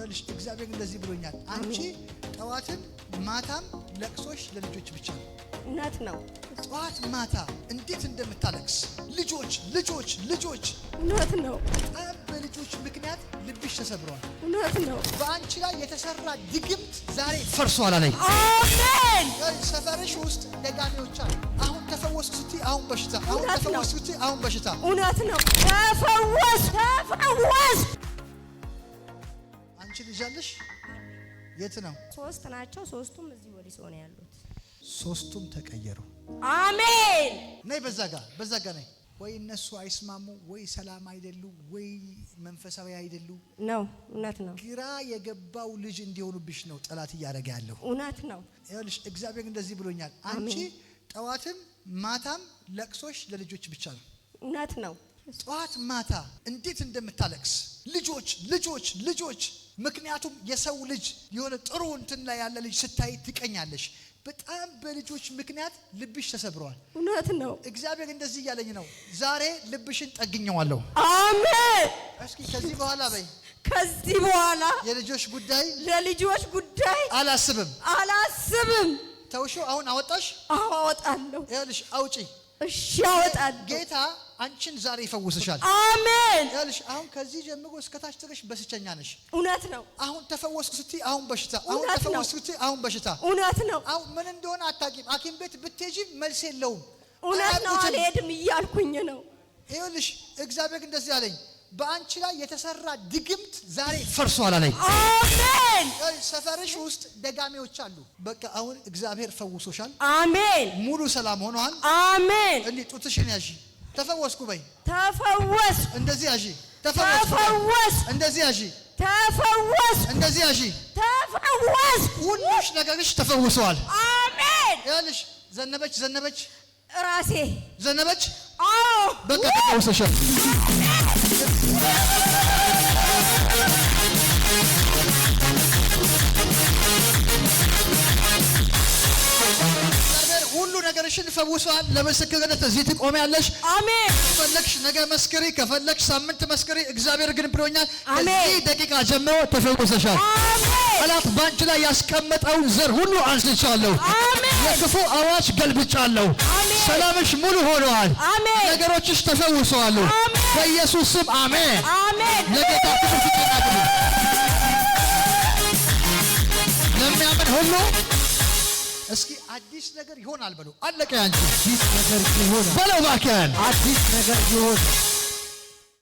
ይኸውልሽ እግዚአብሔር እንደዚህ ብሎኛል። አንቺ ጠዋትም ማታም ለቅሶሽ ለልጆች ብቻ ነው። እውነት ነው። ጠዋት ማታ እንዴት እንደምታለቅስ ልጆች ልጆች ልጆች። እውነት ነው። በጣም በልጆች ምክንያት ልብሽ ተሰብረዋል። እውነት ነው። በአንቺ ላይ የተሰራ ድግምት ዛሬ ፈርሷል አለኝ። አሜን። ሰፈርሽ ውስጥ ደጋሚዎች አሉ። አሁን ተፈወስኩ ስትይ አሁን በሽታ፣ አሁን ተፈወስኩ ስትይ አሁን በሽታ። እውነት ነው። ተፈወስ ተፈወስ ልጅ የት ነው? ሶስት ናቸው። ሶስቱም እዚህ ወዲህ ነው ያሉት። ሶስቱም ተቀየሩ። አሜን። ነይ በዛ ጋ በዛ ጋ ነይ። ወይ እነሱ አይስማሙ፣ ወይ ሰላም አይደሉ፣ ወይ መንፈሳዊ አይደሉ። ነው እውነት ነው። ግራ የገባው ልጅ እንዲሆኑብሽ ነው ጠላት እያደረገ ያለው። እውነት ነው። ይኸውልሽ እግዚአብሔር እንደዚህ ብሎኛል። አንቺ ጠዋትም ማታም ለቅሶሽ ለልጆች ብቻ ነው። እውነት ነው። ጠዋት ማታ እንዴት እንደምታለቅስ ልጆች ልጆች ልጆች ምክንያቱም የሰው ልጅ የሆነ ጥሩ እንትን ላይ ያለ ልጅ ስታይ ትቀኛለሽ። በጣም በልጆች ምክንያት ልብሽ ተሰብረዋል። እውነት ነው። እግዚአብሔር እንደዚህ እያለኝ ነው። ዛሬ ልብሽን ጠግኘዋለሁ። አሜን። እስኪ ከዚህ በኋላ በይ ከዚህ በኋላ የልጆች ጉዳይ ለልጆች ጉዳይ አላስብም አላስብም። ተውሾ አሁን አወጣሽ? አዎ አወጣለሁ። ይኸውልሽ አውጪ። እሺ አወጣለሁ። ጌታ አንቺን ዛሬ ይፈውስሻል። አሜን ያልሽ አሁን ከዚህ ጀምሮ እስከታች ድረስ በሽተኛ ነሽ። እውነት ነው። አሁን ተፈወስኩ ስትይ አሁን በሽታ፣ አሁን ተፈወስኩ ስትይ አሁን በሽታ። እውነት ነው። አሁን ምን እንደሆነ አታውቂም። ሐኪም ቤት ብትሄጂ መልስ የለውም። እውነት ነው። አልሄድም እያልኩኝ ነው። ይኸውልሽ እግዚአብሔር እንደዚህ አለኝ በአንቺ ላይ የተሰራ ድግምት ዛሬ ፈርሷል አለኝ። አሜን። ሰፈርሽ ውስጥ ደጋሚዎች አሉ። በቃ አሁን እግዚአብሔር ፈውሶሻል። አሜን። ሙሉ ሰላም ሆኗል። አሜን። እንዲህ ጡትሽን ያዢ ተፈወስኩ በይ። ተፈወስ እንደዚህ ያዢ። ተፈወስ እንደዚህ ያዢ። ተፈወስ እንደዚህ ያዢ። ተፈወስ ሁሉሽ ነገርሽ ተፈውሰዋል። አሜን። ያልሽ ዘነበች ዘነበች ራሴ ዘነበች። አዎ በቃ ተፈውሰሻል። ልጅሽን ፈውሷል። ለምስክርነት እዚህ ትቆሚያለሽ። አሜን። ከፈለግሽ ነገ መስክሪ፣ ከፈለግሽ ሳምንት መስክሪ። እግዚአብሔር ግን ብሎኛል፣ እዚህ ደቂቃ ጀምሮ ተፈውሰሻል። ጠላት ባንቺ ላይ ያስቀመጠውን ዘር ሁሉ አንስቻለሁ። የክፉ አዋጅ ገልብጫለሁ። ሰላምሽ ሙሉ ሆነዋል። ነገሮችሽ ተፈውሰዋል። በኢየሱስ ስም አሜን። ለጌታ ለሚያምን ሁሉ እስኪ አዲስ ነገር ይሆናል በለው። አለቀ። ያንቺ አዲስ ነገር ይሆናል በለው። እባክህ አዲስ ነገር ይሆናል